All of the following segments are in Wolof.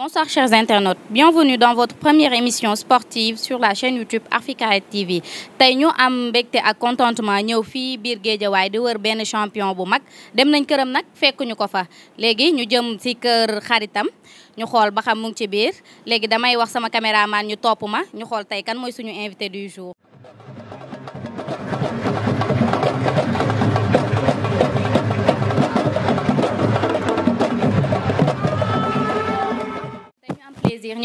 Bonsoir chers internautes, bienvenue dans votre première émission sportive sur la chaîne YouTube Africa TV Tay ñu am mbégte ak contentement ñëw fii biir Géejawaay di wër ben champion bu mag dem nañ nak nag ñu ko fa Légui ñu jëm ci kër xaritam ñu xol ba xam mu ngi ci biir Légui damay wax sama caméraman ñu topuma ma ñu xol tay kan moy suñu invité du jour.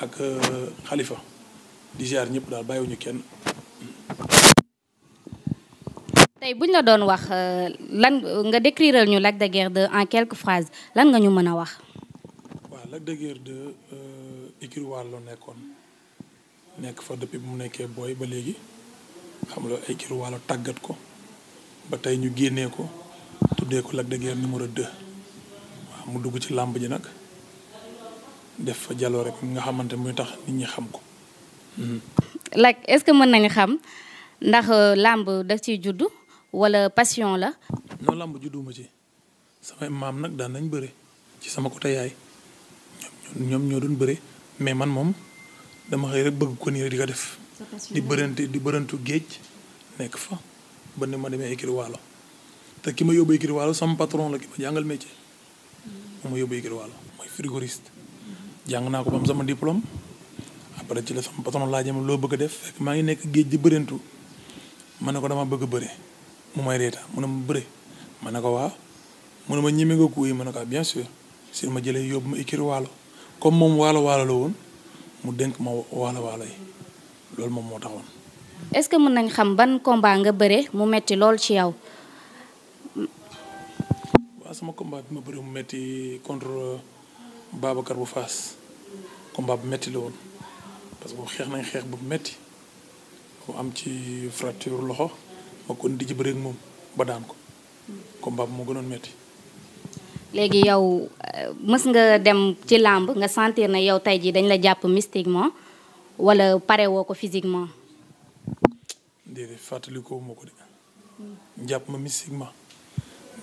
ak xalifa euh, di ziar ñëpp daal bàyyiwuñu kenn. tey buñ la doon wax euh, lan nga décriral ñu Lac de en quelque phrases lan nga ñu mën a wax. waaw Lac de Guiers 2 euh, nekkoon nekk fa depuis bu mu nekkee booy ba léegi xam nga ay tàggat ko ba tey ñu génnee ko tuddee ko Lac de Guiers numéro 2 mu dugg ci làmb ji nag. def fa jaloore bi nga xamante muy tax nit ñi xam ko. like est-ce que mën nañu xam ndax euh, judd wala passion la. non làmb judduma ci samay maam nag daan nañ bëre ci sama côté yaay ñoom ñoo doon bëre mais man dama xëy rek bëgg ko di ko def. di bërante di bërantu géej nekk fa ba ni ma demee écurie Waalo te ki ma yóbbu écurie sama patron la ki ma métier. ma mm. yóbbu écurie frigoriste jang na ko bam sama diplôme après ci la sama patron la ma lo bëgg def fekk ma ngi nek geej di bërintu ma ko dama bëgg bëré mu may réta mu ne ma bëre ma ko waaw mu ne ma ñeme nga kuy ma ko ah, bien sûr si ma jëlé yóbbu ma ikiri waalo comme mom waalo walo lo won mu denk ma walo walo yi lool mom mo taxoon. est ce que mën nañ xam ban combat nga bëré mu metti lool ci yow. wa sama combat bi ma bëré mu metti contre. Babacar bu Faas combat bu metti la woon parce que xeex nañ xeex bu metti mu am ci fracture loxo ma kon di ji bëreek moom ba daan ko combat bu moo gënoon metti léegi yow mës nga dem ci làmb nga sentir na yow tey jii dañ la jàpp mystiquement wala pare woo ko physiquement déedéet fàttalikoo moo ko de jàpp ma mystiquement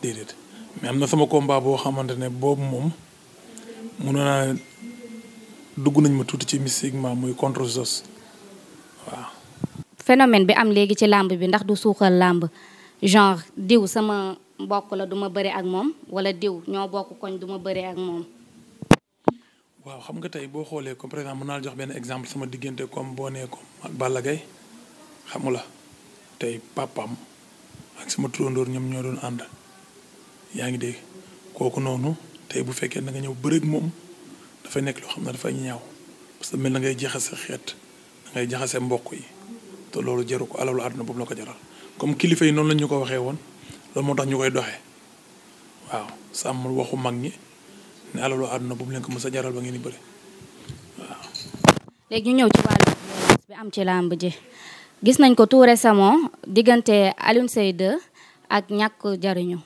déedéet mais am na sama combat boo xamante ne boobu moom mënoon naa dugg nañ ma tuuti ci mystiquement muy contre sos waaw. phénomène bi am léegi ci làmb bi ndax du suuxal làmb genre diw sama mbokk la duma bëri ak moom wala diw ñoo bokk koñ duma bëri ak moom. waaw xam nga tey boo xoolee comme par exemple mën naa jox benn exemple sama diggante comme boo nee comme ak Balla Gaye xamu la tey papam ak suma turandoor ñoom ñoo doon ànd yaa ngi dégg kooku noonu. tey bu fekkee na nga ñëw bëreeg moom dafay nekk loo xam ne dafay ñaaw parce que mel na ngay jaxase xeet da ngay jaxase mbokk yi te loolu jaru ko alalu àdduna boobu la ko jaral comme kilifa yi noonu la ñu ko waxee woon moo tax ñu koy doxee waaw sàmm waxu mag ñi ne àdduna boobu leen ko mës a jaral ba ngeen di bëri waaw. léegi ñu ñëw ci wàllu bi am ci làmb ji gis nañ ko tout récemment diggante Alioune Seye 2 ak ñàkk jariñu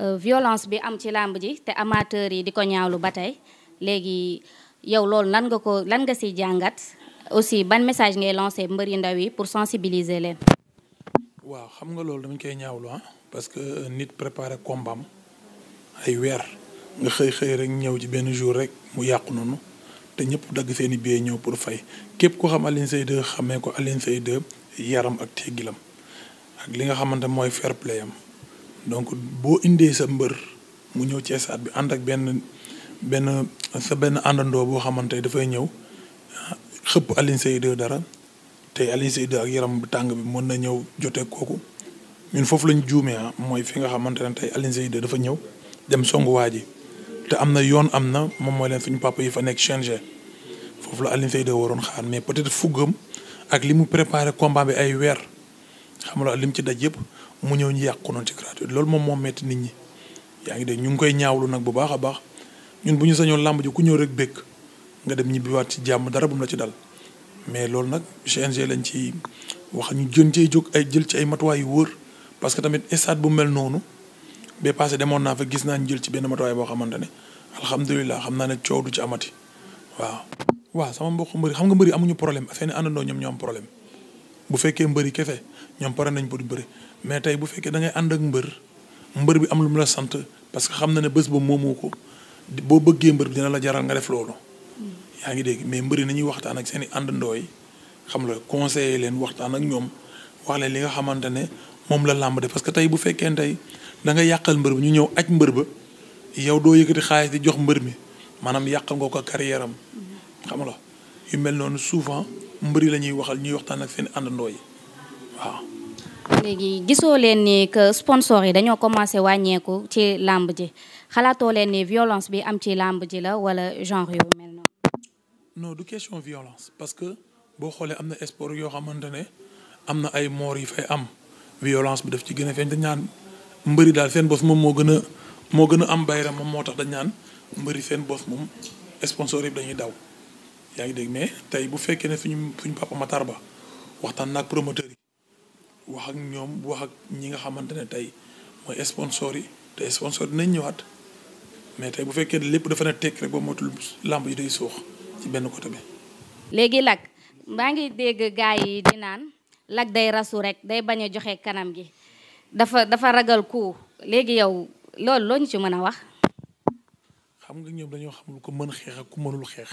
Euh, violence bi am ci làmb ji te amateurs yi di ko ñaawlu ba tey léegi yow loolu lan nga ko lan nga siy jàngat aussi ban message ngay lancé mbëri ndaw yi pour sensibiliser leen. waaw xam nga loolu dañ koy ñaawlu ah parce que nit préparé combat am ay weer nga xëy xëy rek ñëw ci benn jour rek mu yàqu noonu te ñëpp dagg seen i billet ñëw pour fay képp ko xam Alioune Seye 2 xamee ko Alioune Seye 2 yaram ak teggilam ak li nga xamante mooy fair play am. donc boo indee sa mbër mu ñëw ci stade bi ànd ak benn benn sa benn àndandoo boo xamante dafay ñëw xëpp Alioune Seye 2 dara tey Alioune Seye 2 ak yaram bu tàng bi mën na ñëw jotee kooku ñun foofu lañ juumee ah mooy fi nga xamante ne tey Alioune Seye 2 dafa ñëw dem songu waa ji te am na yoon am na moom mooy leen fu ñu papa yi fa nekk changé foofu la Alioune Seye 2 waroon xaar mais peut-être fuggam ak li mu préparé combat bi ay weer xam nga li mu ci daj yëpp mu ñëw ñu yàqu ko noonu ci gratuite loolu moom moom metti nit ñi yaa ngi de ñu ngi koy ñaawlu nag bu baax a baax ñun bu ñu sañoon làmb ji ku ñëw rek békk nga dem ñibbiwaat ci jàmm dara bu mu la ci dal mais loolu nag CNG lañ ci wax ñu jën cee jóg ay jël ci ay matuwaay yu wóor parce que tamit stade bu mel noonu ba passé demoon naa fa gis naa ñu jël ci benn matuwaay boo xamante ne alhamdulilah xam naa ne coow du ci amati waaw. waaw sama mbokk mbëri xam nga mbëri amuñu problème affaire yi àndandoo ñoom problème bu fekkee mbëri kefe ñoom pare nañ pour bëri mais tey bu fekkee da ngay ànd ak mbër mbër bi am lu mu la sant parce que xam na ne bés ba moomoo ko boo bëggee mbër bi dina la jaral nga def loolu. Hmm. yaa ngi dégg mais mbëri nañuy waxtaan ak seeni i àndandoo yi xam la conseiller leen waxtaan ak ñoom wax li nga xamante ne moom la làmb parce que tey bu fekkee tey da mbër bi ñu ñëw aj mbër ba yow doo yëkkati xaalis di jox mbër mi maanaam yàqal nga ko carrière am hmm. xam la yu mel noonu souvent mbëri la ñuy waxal ñuy waxtaan ak seen àndandoo léegi gisoo leen ni que sponsor yi dañoo commencé wàññeeku ci làmb ji xalaatoo leen ni violence bi am ci làmb ji la wala genre yu mel na non du question violence parce que boo xoolee am na sport yoo xamante ne am na ay moor yi fay am violence bi daf ci gën a feeñ dañ naan mbëri daal seen bos moom moo gën a moo gën a am bayra moom moo tax dañ naan mbëri seen bos moom sponsor yi dañuy daw. yaa dégg mais tey bu fekkee ne suñu suñu papa Matar Ba waxtaan naag promoteur yi. wax ak ñoom bu wax ak ñi nga xamante ne tey mooy sponsor yi te sponsor dinañ ñëwaat mais tey bu fekkee lépp dafa ne tekk rek ba motul làmb ji day suux benn côté bi. léegi Lac maa ngi dégg gars yi di naan Lac day rasu rek day bañ a joxe kanam gi dafa dafa ragal ku léegi yow loolu loo ci mën a wax. xam nga ñoom dañoo xamul ko mën xeex ak ku mënul xeex.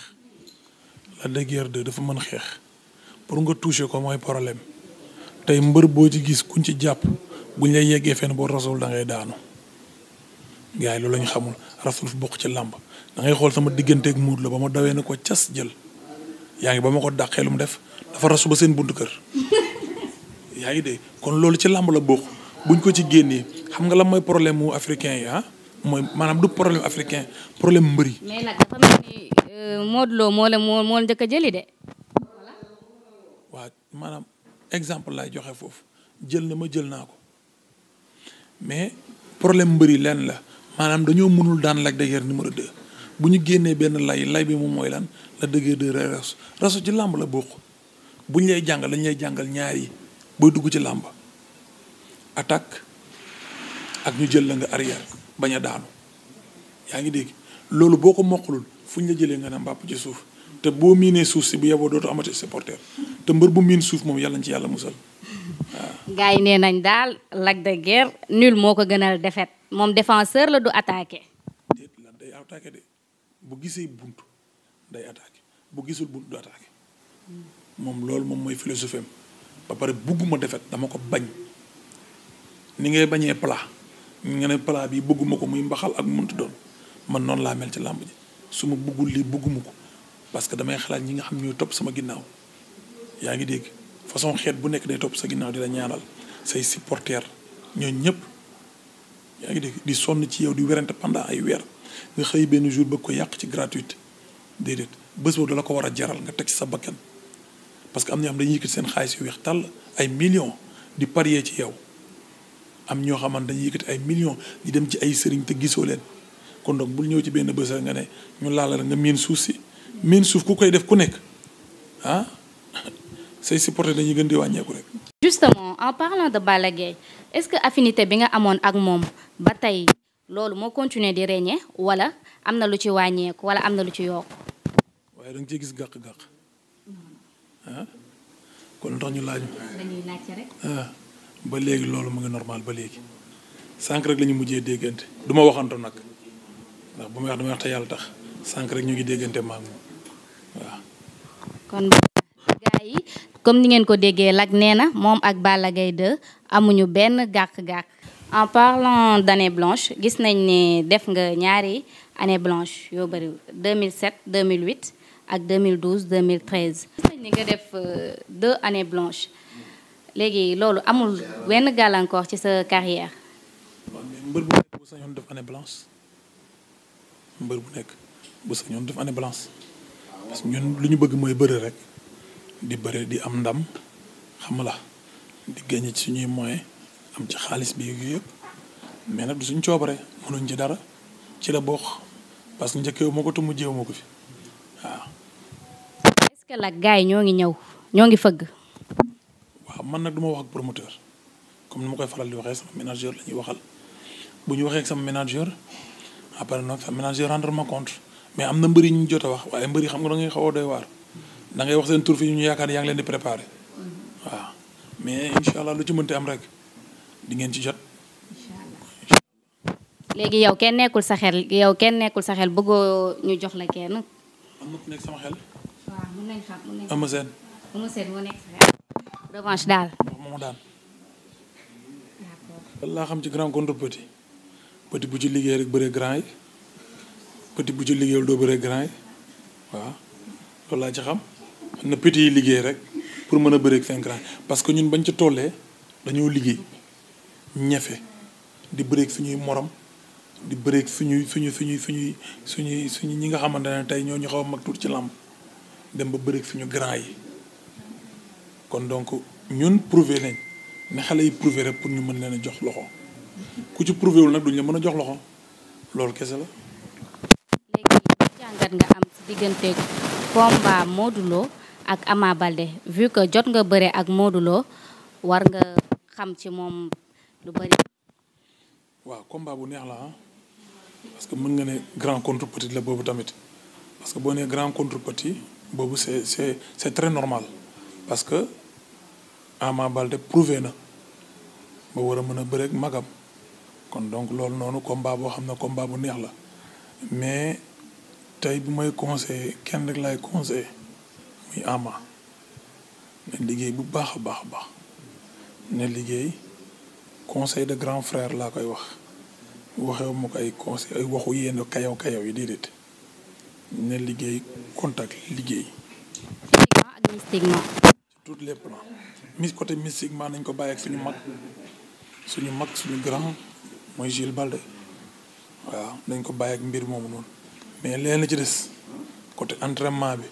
la de dafa mën xeex pour nga toucher ko mooy problème. tey mbër boo ci gis kuñ ci jàpp bu ñu lay yeggee fenn boo rasul da ngay daanu gars yi loolu lañ xamul rasul fi bokk ci làmb da xool sama digganteek muur ba ma dawee ne ko cas jël yaa ngi ba ma ko dàqee lu mu def dafa rasu ba seen buntu kër yaa ngi dégg kon loolu ci làmb la bokk buñ ko ci génnee xam nga lan mooy problème mu africain yi ah mooy maanaam du problème africain problème mbër yi. mais nag dafa mel euh, moo la moo moo njëkk jëli de. voilà exemple laay joxe foofu jël na ma jël naa ko mais problème mbëri lenn la maanaam dañoo mënul daan Lac de Guiers numéro bu ñu génnee benn lay lay bi moom mooy lan la de Guiers 2 rasu rasu ci làmb la bokk bu ñu lay jàngal dañu lay jàngal ñaar yi booy dugg ci làmb attaque ak ñu jël la nga arrière bañ a daanu yaa ngi dégg loolu boo ko moqalul fu ñu la jëlee nga ne mbàpp ci suuf te boo miinee suuf si bu yeboo dootu amati supporter te mbër bu miin suuf moom yàlla nañ ci yàlla musal waaw. gars yi nee nañ daal Lac de Guiers nul moo ko gënal defet moom défenseur la du attake déet day attaqué de bu gisee bunt day attaqué bu gisul bunt du attaqué moom loolu moom mooy philosophie ba pare bugguma défaite dama ko bañ ni ngay bañee plat nga ne plat bi bëgguma ko muy mbaxal ak muntu doon man noonu laa mel ci làmb ji su ma buggul lii bugguma ko. parce que damay xalaat ñi nga xam ñooy topp sama ginnaaw yaa ngi dégg façon xeet bu nekk day topp sa ginnaaw di la ñaanal say supporter ñoo ñëpp yaa ngi dégg di sonn ci yow di werante pendant ay weer nga xëy benn jour bëgg ko yàq ci gratuite déedéet bés boobu dala ko war a jaral nga teg ci sa bakkan parce que am na yoo xam dañuy yëkkati seen xaalis yu weex tàll ay millions di parier ci yow am ñoo xaman dañuy yëkkati ay millions di dem ci ay sëriñ te gisoo leen kon bul ñëw ci benn bés nga ñu laal nga miin suuf si. miin suuf ku koy def ku nekk ah say supporter dañuy gën di wàññeeku rek. justement en parlant de Balla Gaye est-ce que affinité bi nga amoon ak moom ba tey loolu moo continuer di régner wala am na lu ci wàññeeku wala am na lu ci yokk. waaye da nga gis gàq-gàq ah, kon tax ñu laaj. dañuy ah, ba léegi loolu mu ngi normal ba léegi sànq rek la ñu mujjee déggante du ma waxantu nag ndax bu may wax damay wax te yàlla tax sànq ñu ngi déggante maam waaw. kon gars yi comme ni ngeen ko déggee Lac nee na moom ak Balla Gaye 2 amuñu benn gàkk-gàkk. en parlant d' année blanche gis nañ ne def nga ñaari année blanche yoo bëri 2007 2008 ak 2012 2013. gis nañ ni nga def euh, deux années blanches léegi loolu amul wenn gàllankoor ci sa carrière. waaw mais mbër parce ñun luñu bëgg moy bëre rek di bëre di am ndam xam la di gagné ci suñuy moy am ci xaaliss bi yu yëpp mais nak du suñ coobare mënuñ ci dara ci la bokk parce que njëkkeewu moko tu te mujjeewu ma fi waaw. est ce que la gaay yi ñew ngi fëgg. waaw man nak duma wax promoteur comme ni ma koy faral di waxe sama manager lañuy waxal buñu waxe ak sama manager après nag sama manager rendre ma compte mais am na mbëri ñu jot a wax waaye mbëri xam nga da ngay xaw a doy waar da ngay wax seen tur fi ñu yaakaar yaa ngi leen di préparé waaw mais incha allah lu ci mënti am rek di ngeen ci jot. léegi yow kenn nekkul sa xel yow kenn nekkul sa xel bëggoo ñu jox la kenn. am na nekk sama xel. waaw mun nañ xam mun nañ xam. Eumeu Sène. Eumeu moo nekk sa xel. revanche daal. moo daan. d'accord. laa xam ci grand contre petit. petit bu ci liggéey rek bëree grand yi. petit bu ci liggéeyul doo bëree grand yi waaw loolu laa ci xam na petit yi liggéey rek pour mën a bëreeg seen grand parce que ñun bañ ci tollee dañoo liggéey ñefe di bëreeg suñuy morom di bëreeg suñuy suñu suñuy suñuy suñuy suñu ñi nga xamante ne tey ñoo ñu xaw a mag tuuti ci làmb dem ba bëreeg suñu grand yi kon donc ñun prouvé nañ ne xale yi prouvé rek pour ñu mën leen a jox loxo ku ci prouvé wul nag duñ la mën a jox loxo loolu kese la. jàngat nga am si diggante combat Modou Lo ak Ama Baldé vu que jot nga bëre ak Modou war nga xam ci moom lu bëri. waaw combat bu neex la ah. parce que mun nga ne grand contre la boobu tamit parce que boo nee grand contre boobu c'est c'est c'est très normal parce que Ama balde prouvé na ba war a mën a bëre ak magam kon donc loolu noonu combat boo xam ne combat bu neex la mais. tay bu may kenn Ama ne bu ne conseil de grand frère laa koy wax ma ko conseil ay waxu ne contact liggéey. toutes les plans mis côté mystiquement nañ ko bàyyi ak suñu mag suñu suñu grand mooy Gilles Balde nañ mais leen la ci des côté entraînement bi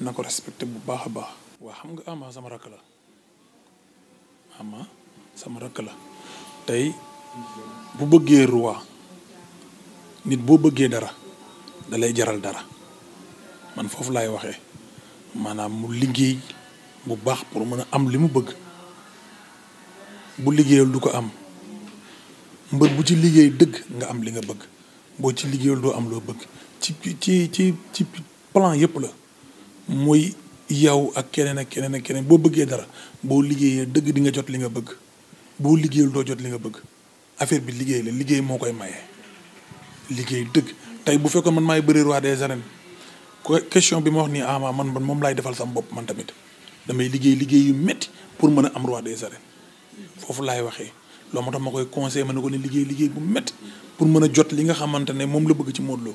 na ko respecté bu baax a baax. waa xam nga am sama rakk la Ama sama rakk la tey bu bëggee roi nit boo bëggee dara dalay jaral dara man foofu laay waxee maanaam mu liggéey bu baax pour mën a am li mu bëgg bu liggéeyal du ko am mbër bu ci liggéey dëgg nga am li nga bëgg boo ci liggéeyal doo am loo bëgg ci ci ci ci plan yëpp la muy yow ak keneen ak keneen ak keneen boo bëggee dara boo liggéeyee dëgg di nga jot li nga bëgg boo liggéeyul doo jot li nga bëgg affaire bi liggéey la liggéey moo koy maye liggéey dëgg tey bu fekkoon man maay bëri roi des arènes question bi ma wax nii ama man man moom laay defal sama bopp man tamit damay liggéey liggéey yu métti pour mën a am roi des arènes foofu laay waxee loo moo tax ma koy conseil ma ne ko ne liggéey liggéey bu métti pour mën jot li nga xamante ne moom la bëgg ci Modou